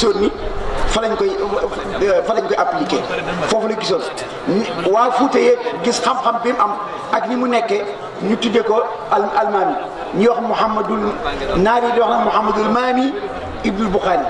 gisoon ni fa lañ koy fa lañ koy appliqué foofu la gisoon waa Fuuta yee gis xam-xam mu am ak ni mu nekkee ñu tuddee ko al almaami ñi mu Muhammadul naar yi di wax na Muhammadul maami Ibnul Bukhari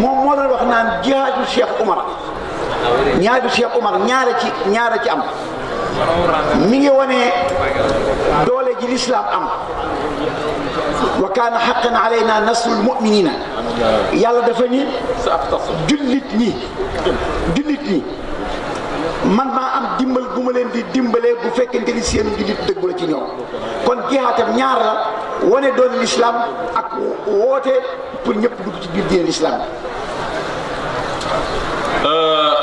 moom moo doon wax naan jihaadu Cheikh Umar ñaari ñaara ci ñaara ci am mi ngi wane doole ji lislaam am وكان حقا علينا نصر المؤمنين يلا دفني جلتني جلتني من ما ام ديمبل بومالين دي ديمبلي بو فكنتي لي سين جلت دغلو سي نيو كون جهاتم نيار دون الاسلام اك ووتي بور نيب دوت دين الاسلام آه،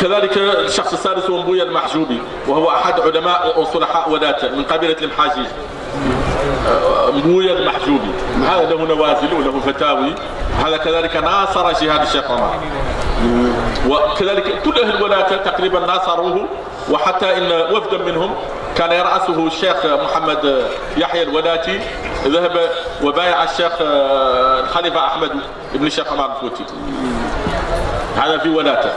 كذلك الشخص السادس هو المحجوبي وهو احد علماء وصلحاء وذاته من قبيله المحاجيج مويا المحجوبي هذا له نوازل وله فتاوي هذا كذلك ناصر جهاد الشيخ عمر وكذلك كل أهل الولاة تقريبا ناصروه وحتى إن وفدا منهم كان يرأسه الشيخ محمد يحيى الولاتي ذهب وبايع الشيخ الخليفة أحمد بن الشيخ عمر الفوتي هذا في ولاته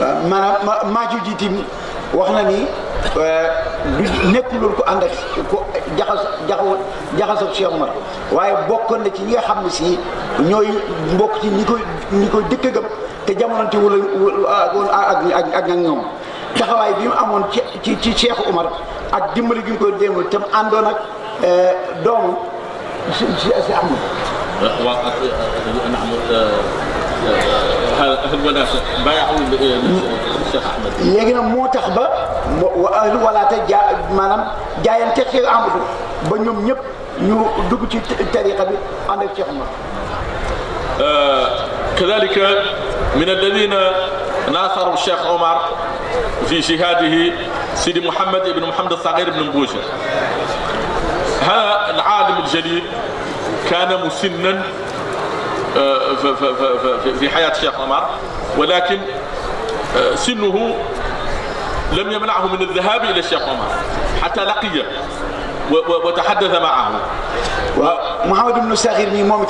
ما ما ما جوجيتي وحنا ني du nekkul ko ànd ak ko jaxas jaxaw jaxasoo Cheikh Omar waaye bokkoon na ci ñi nga xam ne si ñooy mbokk ci ñi koy ñi koy dëkk gëm te jamono wala wala ak ak ñoom taxawaay bi mu amoon ci ci ci Cheikh ak dimbali gi mu koy démb tam àndoon ak doomu si si si ahlu walaata bàyyiwul Cheikh Ahmed. léegi nag moo tax ba wa ahlu walaata ja maanaam jaayante Cheikh Amadou ba ñoom ñëpp ñu dugg ci tariqa bi ànd ak Cheikh Ahmed. كذلك من الذين ناصروا الشيخ عمر في جهاده سيدي محمد بن محمد الصغير بن مبوشة هذا العالم الجليل كان مسنا آه، في حياة الشيخ عمر ولكن آه، سنه لم يمنعه من الذهاب إلى الشيخ عمر حتى لقيه وتحدث معه محمد بن ساغر مي مومي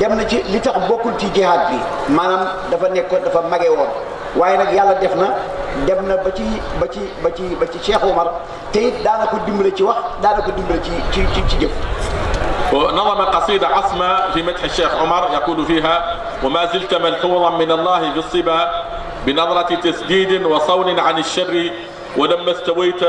دمنا تي لي تخ بي مانام دا فا نيكو دا فا ماغي يالا ديفنا دمنا با تي با تي شيخ عمر تي دا نكو ديمبل تي واخ دا نكو ديمبل تي تي ونظم قصيدة عصمة في مدح الشيخ عمر يقول فيها وما زلت ملحوظا من الله في الصبا بنظرة تسديد وصون عن الشر ولما استويت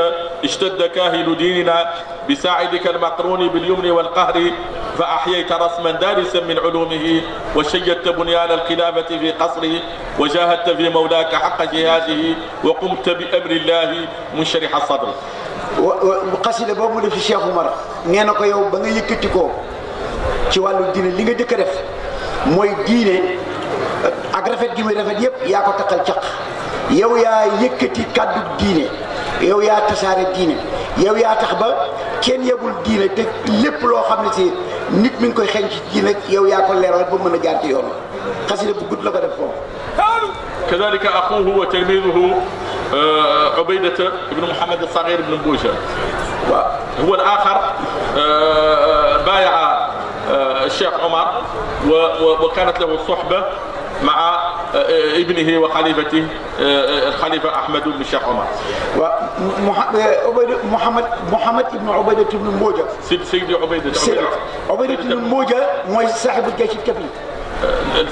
اشتد كاهل ديننا بساعدك المقرون باليمن والقهر فأحييت رسما دارسا من علومه وشيدت بنيان الخلافة في قصره وجاهدت في مولاك حق جهاده وقمت بأمر الله منشرح الصدر xasida boobu def ci Cheikh Oumar nee na ko yow ba nga yëkkati ko ci wàllu diine li nga jëkk a def mooy diine ak rafet gi muy rafet yépp yaa ko takkal caq yow yaa yëkkati kàddu diine yow yaa tasaare diine yow yaa tax ba kenn yebul diine te lépp loo xam ne si nit mi ngi koy xeeñ ci diine yow yaa ko leeral ba mën a jaar ci yoon xasida bu gudd la ko def foofu kadalika axuhu wa tilmiduhu آه، عبيدة بن محمد الصغير بن بوشة هو الآخر آه، بايع آه، الشيخ عمر وكانت له صحبة مع ابنه وخليفته الخليفة أحمد بن الشيخ عمر محمد محمد بن عبيدة بن موجة سيد سيدي عبيدة عبيدة بن موجة مو صاحب الجيش الكبير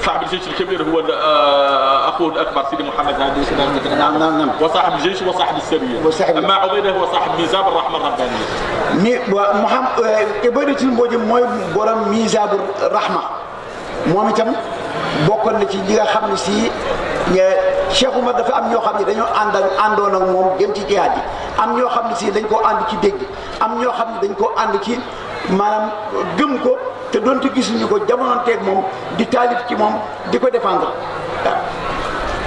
صاحب الجيش الكبير هو آه، اخوه الاكبر سيدي محمد هادي نعم نعم نعم وصاحب الجيش وصاحب السريه وصاحب اما عبيده هو صاحب ميزاب الرحمه الربانيه محمد كبيرة آه، المبوج موي بورم ميزاب الرحمه مومي تام بوكون نتي ديغا خامني سي شيخو ما دا فا ام ньо خامني دانيو اند اندون اك موم گيم تي جهادي ام ньо خامني سي دنجكو اند كي دگ ام ньо خامني دنجكو اند كي مانام گم كو te donte gisuñu ko ak mom di talib ci mom diko ko défendre waaw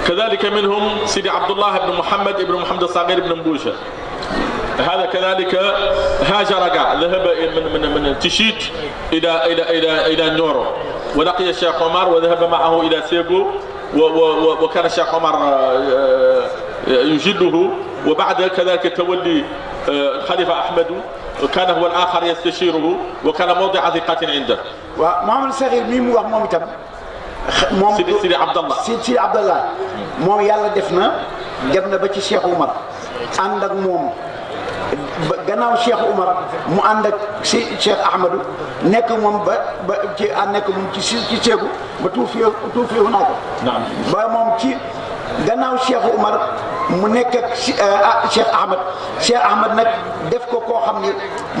كذلك منهم سيدي عبد الله بن محمد بن محمد الصغير بن مبوشة هذا كذلك هاجر قاع ذهب من من من تشيت الى الى الى الى نورو ولقي الشيخ عمر وذهب معه الى سيبو وكان الشيخ عمر آه، آه، يجده وبعد كذلك تولي آه، الخليفه احمد كان هو الآخر يستشيره وكان موضع ثقة عنده ومام الصغير مين هو مام تام مام سيدي سيدي عبد الله سيدي عبد الله مام يلا دفنا جبنا با شيخ عمر عندك موم gannaaw شيخ عمر مو عندك ak احمد cheikh مام nekk moom ba ba مام à nekk moom ci si ci ceegu ba tuufee tuufeewu naa ko. mu nekk ak Cheikh Ahmed Cheikh Ahmed nag def ko koo xam ni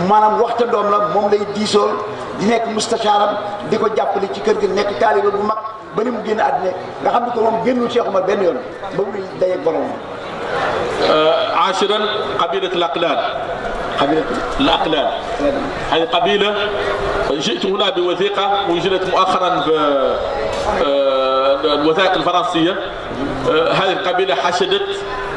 maanaam waxta doom la moom lay diisool di nekk mustachaaram di ko jàppale ci kër gi nekk taaliba bu mag ba ni mu génn àddina nga xam ni ko moom génnul Cheikh Omar benn yoon ba muy dayeeg borom عاشرا قبيلة الأقلال قبيلة الأقلال هذه قبيلة جئت هنا بوثيقة وجدت مؤخرا بالوثائق الفرنسية آه، هذه القبيلة حشدت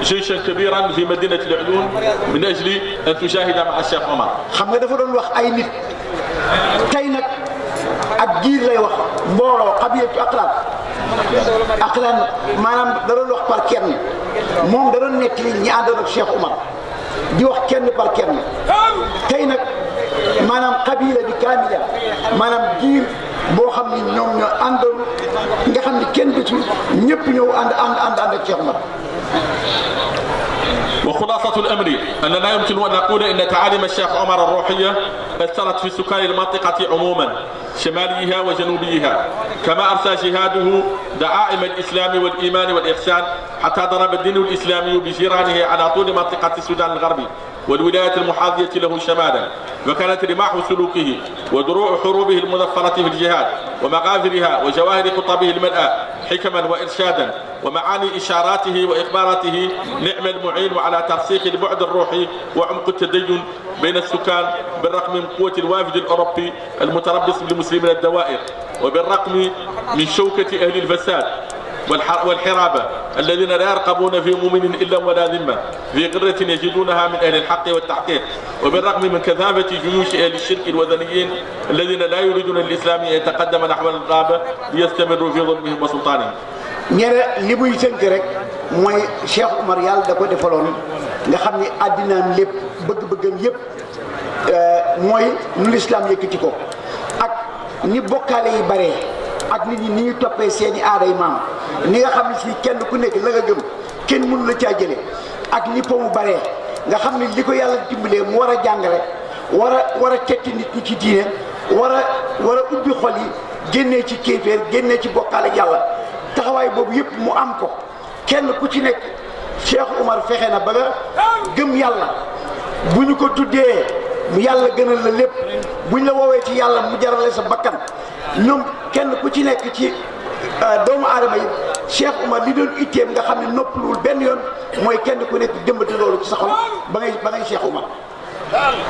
جيشا كبيرا في مدينة العلون من أجل أن تشاهد مع الشيخ عمر خمنا دفعنا الوقت كينك أجيل لي وقت مورو قبيلة أقلال أقلال ما نعم دفعنا الوقت باركيرني موم دفعنا نكلي نعادة الشيخ عمر دي وقت كيرني كينك ما نعم قبيلة بكاملة ما نعم جيل وخلاصة الأمر أن لا يمكن أن نقول أن تعاليم الشيخ عمر الروحية أثرت في سكان المنطقة عموما شماليها وجنوبيها كما أرسى جهاده دعائم الإسلام والإيمان والإحسان حتى ضرب الدين الإسلامي بجيرانه على طول منطقة السودان الغربي والولايات المحاذية له شمالا وكانت رماح سلوكه ودروع حروبه المذخرة في الجهاد ومغافرها وجواهر خطبه الملأة حكما وإرشادا ومعاني إشاراته وإخباراته نعم المعين على ترسيخ البعد الروحي وعمق التدين بين السكان بالرغم من قوة الوافد الأوروبي المتربص بالمسلمين الدوائر وبالرغم من شوكة أهل الفساد والحرابة الذين لا يرقبون في مؤمن إلا ولا ذمة في قرة يجدونها من أهل الحق والتحقيق وبالرغم من كثافة جيوش أهل الشرك الوثنيين الذين لا يريدون الإسلام أن يتقدم نحو الغابة ليستمروا في ظلمهم وسلطانهم نرى لبوي سنكرك موي شيخ مريال دكو دفلون نخمي أدنا لب بق بق يب آه، موي نلسلام يكتكو أك نبوكالي باري ak nit ñi ni ñu toppee seeni aada yi maam ni nga xam ne si kenn ak ni po mu baree nga xam ne li ko yàlla dimbalee mu war a jàngale war a war a tetti nit ñi ci diine war a war a ubbi xol yi génne ci kéeféer génne ci bokkaale yàlla taxawaay boobu yëpp mu am ko kenn ku ci nekk Cheikh Umar fexe na ba nga gëm yàlla bu ñu ko tuddee mu yàlla gënal la lépp bu ñu la woowee ci yàlla mu jarale sa bakkan ñoom kenn ku ci nekk ci euh, doomu aadama yi Cheikh Oumar li doon itteem nga xam ne noppaluwul benn yoon mooy kenn ku nekk jëmbati loolu ci sa xol ba ngay ba ngay Cheikh Oumar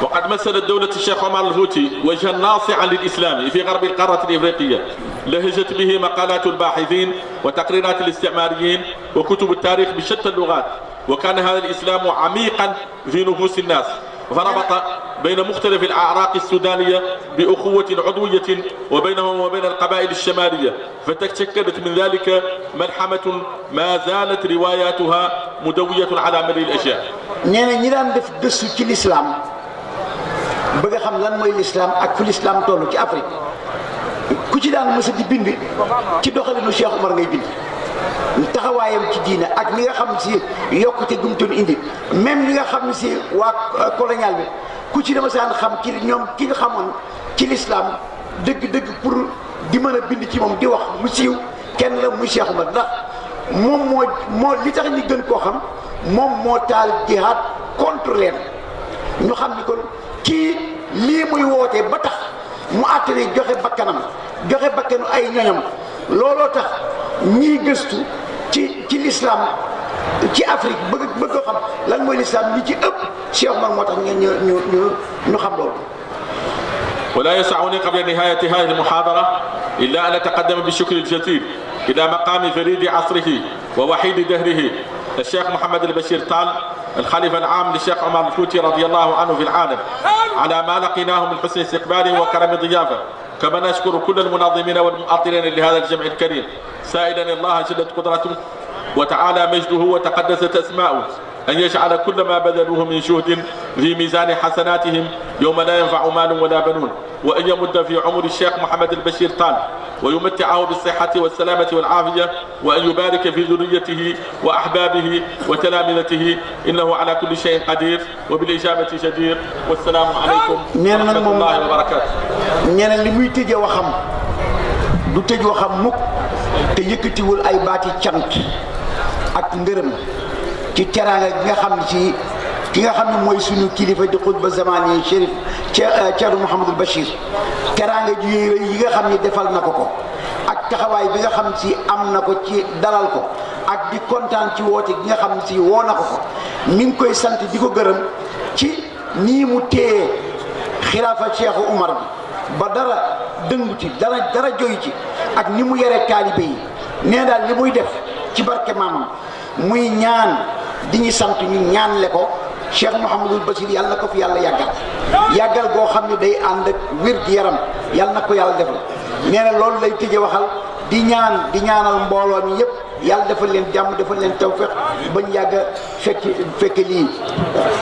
وقد مثل دولة الشيخ عمر الهوتي وجها ناصعا للإسلام في غرب القارة الإفريقية لهجت به مقالات الباحثين وتقريرات الاستعماريين وكتب التاريخ بشتى اللغات وكان هذا الإسلام عميقا في نفوس الناس فربط بين مختلف الأعراق السودانية بأخوة عضوية وبينهم وبين القبائل الشمالية فتشكلت من ذلك ملحمة ما زالت رواياتها مدوية على ملء الأشياء نينا نعم، نيران بفدس كل الإسلام بغا خم لان موي الإسلام أك الإسلام تولو في أفريق كوتي دان مسا بند كي دخل شيخ عمر ngay بند taxawaayam ci diine ak li nga xam si yokkute gumtoon indi même li nga xam si waa colonial bi ku ci dama saan xam ci ñom ki nga xamoon ci l'islam deug deug pour di mëna bind ci mom di wax mu siiw kenn la mu cheikh ahmad ndax mom mo mo li tax ni gën ko xam mom mo taal jihad contre len ñu xam ni kon ki li muy wote ba tax mu atté joxe bakkanam joxe bakkanu ay ñoñam lolo tax ñi gëstu ci ci l'islam ci afrique bëgg bëgg xam lan moy l'islam ñi ci ëpp شيخ Omar moo ولا يسعني قبل نهاية هذه المحاضرة إلا أن أتقدم بالشكر الجزيل إلى مقام فريد عصره ووحيد دهره الشيخ محمد البشير طال الخليفة العام للشيخ عمر الفوتي رضي الله عنه في العالم على ما لقيناه من حسن استقباله وكرم ضيافه كما نشكر كل المنظمين والمؤطرين لهذا الجمع الكريم سائلا الله جلت قدرته وتعالى مجده وتقدست أسماؤه أن يجعل كل ما بذلوه من جهد في ميزان حسناتهم يوم لا ينفع مال ولا بنون وأن يمد في عمر الشيخ محمد البشير طال ويمتعه بالصحة والسلامة والعافية وأن يبارك في ذريته وأحبابه وتلامذته إنه على كل شيء قدير وبالإجابة جدير والسلام عليكم ورحمة الله وبركاته نينا لي موي وخم دو تيج وخم مك te yëkëtiwul ay baati ci teraanga gi nga xam ne ci ki nga xam ne mooy suñu kilifa di xutba zamaan yi Chérif euh, Thierno Mouhamadul Bachir teraanga ji yi nga xam ne defal na ko ko ak taxawaay bi nga xam si am na ko ci daral ko ak di kontaan ci woote gi nga xam si woo na ko ko mi ngi koy sant di ko gërëm ci nii mu téye xilaafa Cheikhu Umar bi ba dara dëngu ci dara dara joy ci ak ni mu yore taalibe yi nee daal li muy def ci barke maamam muy ñaan. di ñu sant ñu ñaanle ko Cheikh Mouhamadul Bachir yàlla na ko fi yàlla yàggal yàggal goo xam ne day ànd ak wér gi yaram yàlla na ko yàlla defal nee na loolu lay tëje waxal di ñaan di ñaanal mbooloo mi yëpp yàlla defal leen jàmm defal leen tawfeex bañ yàgg a fekk fekk lii